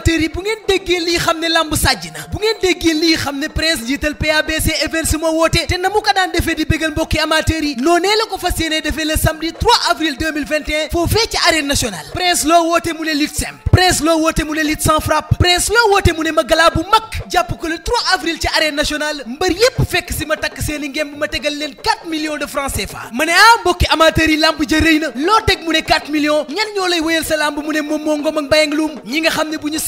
amateur yi bu ngeen déggee lii xam ne làmb sàjj na bu ngeen déggee lii xam ne prince njiital PABC events moo woote te na mu ko daan defee di bégal mbokki amateur yi noonee la ko fas yéene defee le samedi 3 avril foofee ci arène nationale prince loo woote mu ne lutte simple prince loo woote mu ne lutte sans frappe prince loo woote mu ne ma galaa bu mag jàpp ko le 3 avril ci arène nationale mbër yépp fekk si ma takk seeni ngémb ma tegal leen 4 millions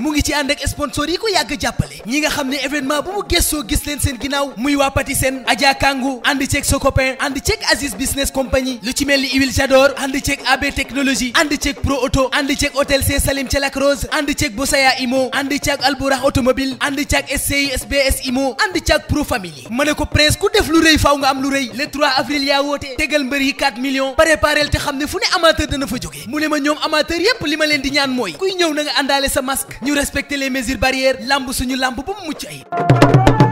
mu ngi ci ànd ak sponsor yi ko yàgg jàppale ñi nga xam ne événement bu mu gëstoo gis leen seen ginnaaw muy waa seen Adja Kangu ànd ceeg sa copain ànd ceeg Aziz Business Compagnie lu ci mel ni Huile Jador ànd ceeg AB Technologie ànd ceeg Pro Auto ànd ceeg hôtel C Salim ca Lac Rose ànd ceeg Bosaya Imo ànd ceeg Alburax Automobile ànd ceeg SCI SBS Imo ànd ceeg Pro Family ma ne ko presse ku def lu rëy faaw nga am lu rëy le 3 avril yaa woote tegal mbër yi 4 millions préparel xam ne fu ne amateur dana fa mu ne ma ñoom amateur yépp li ma leen di ñaan mooy kuy ñëw na nga sa masque ñu respecter les mesures barrières lamb suñu lamb bu mu mucc ay